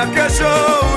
aquellos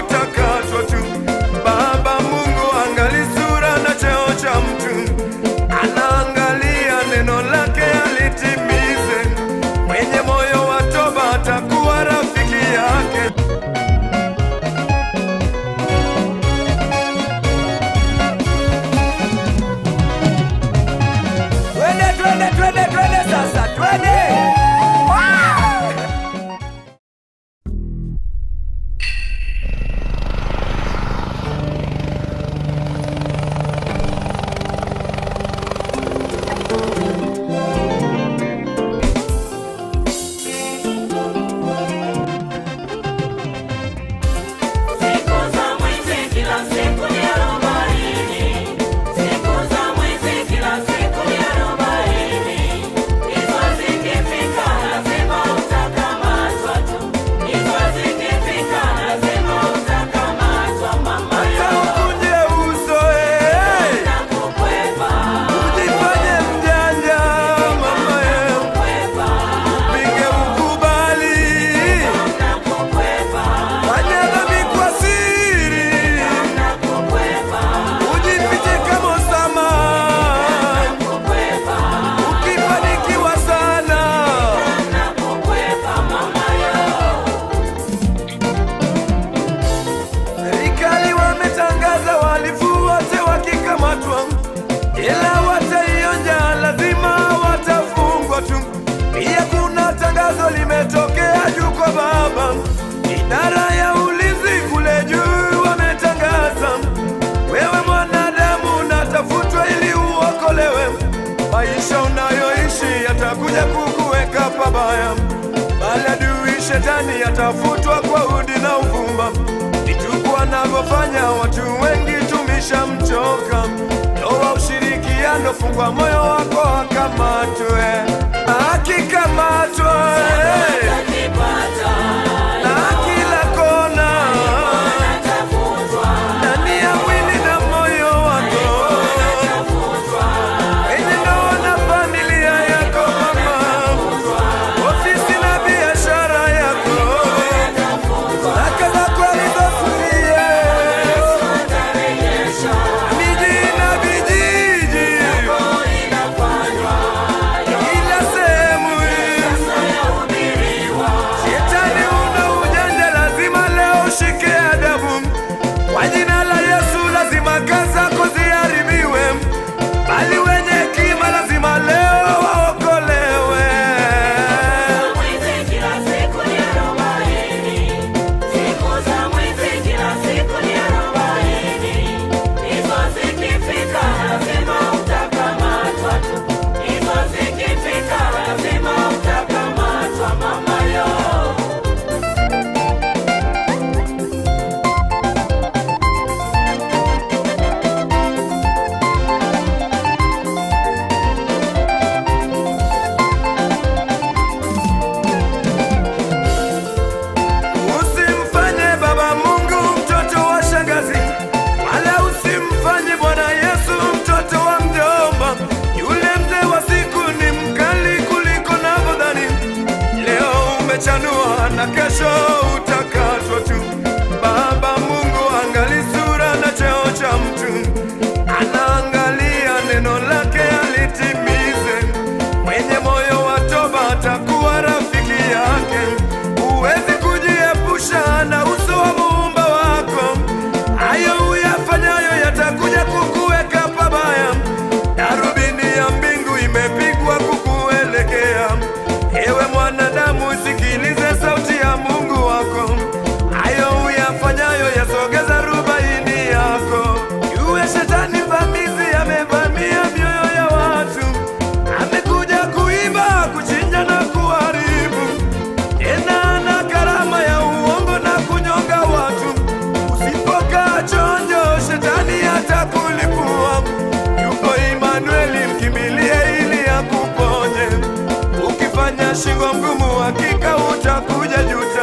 pabaya, bali adui shetani atafutwa kwa udi na uvumba. Vituko anavyofanya watu wengi mchoka Toa ushirikiano, fungua moyo wako, akamatwe, akikamatwe aquellos hakika utakuja juta.